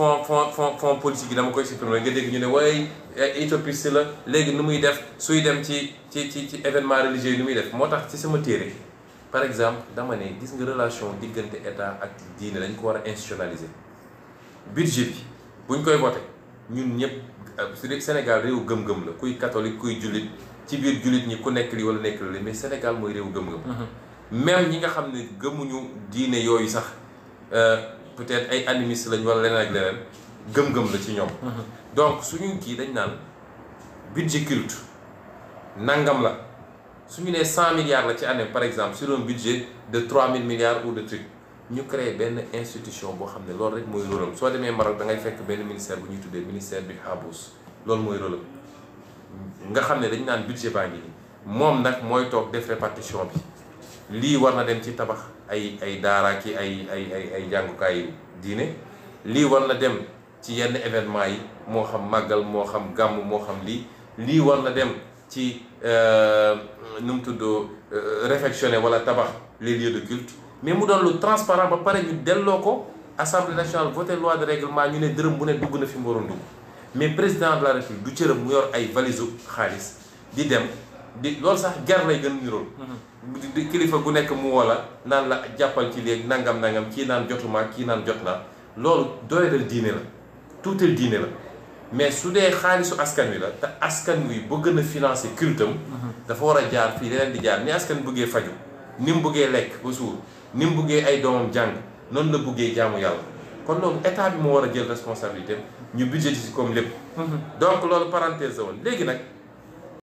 fond fond fond fond politique dama koy supprimer nga dégg ñu ne waaye eh, éthiopiste la léegi nu muy def suy dem ci ci ci ci événement religieux nu muy def moo tax ci sama téere par exemple dama ne gis nga relation diggante état ak diine dañ ko war a institutionnaliser budget bi buñ koy voté ñun ñëpp euh, Sénégal réew gëm-gëm la kuy catholique kuy julit ci biir julit ñi ku nekk li wala nekk li mais Sénégal mooy réew gëm-gëm mhm. même ñi nga xam ne gëmuñu diine yooyu sax euh, peut-être ay animiste lañ wala lénen ak leneen gëm-gëm la ci ñom mhm. donc suñu ki dañ naan budget culte nangam la suñu né 100 milliards la ci année par exemple sur un budget de 3000 milliards ou de truc ñu créer ben institution bo xamné lool rek moy rôle so démé demee Maroc da ngay fekk ben ministère bu ñuy tuddee ministère du Habous lool moy rôle nga xamné dañ naan budget baa ngi nii moom nag mooy toog def répartition bi. lii war na dem ci tabax ay ay daara ki ay ay ay ay jàngukaay diine lii war na dem ci yenn événement yi moo xam màggal moo xam gàmm moo xam lii lii war na dem ci euh, nu mu tudd euh, réfectionner wala tabax les lieux de culte mais mu doon lu transparent ba pare ñu delloo ko assemblée nationale voté loi de règlement ñu ne dërëm bu ne dugg na fi mu waroon dugg mais président de la république du cëram mu yor ay valise xaalis di dem. di loolu sax ger lay gën nirool mhm. di kilifa gu nekk mu woo la naan la jàppal ci léegi nangam nangam ci naan jotumaa kii naan jot naa loolu doyadal diine la tuutal diine la mais su dee xaalisu askan wi la te askan wi gën a financer culte am mhm. dafa war a jaar fii leneen di jaar ni askan bëggee faju ni mu bëggee lekk ba suur ni mu bëggee ay doomam jàng noonu la bëggee jaamu yàlla kon loolu état bi moo war a jël responsabilité ñu budgétiser comme lépp mhm. donc loolu parenthèse woon léegi nag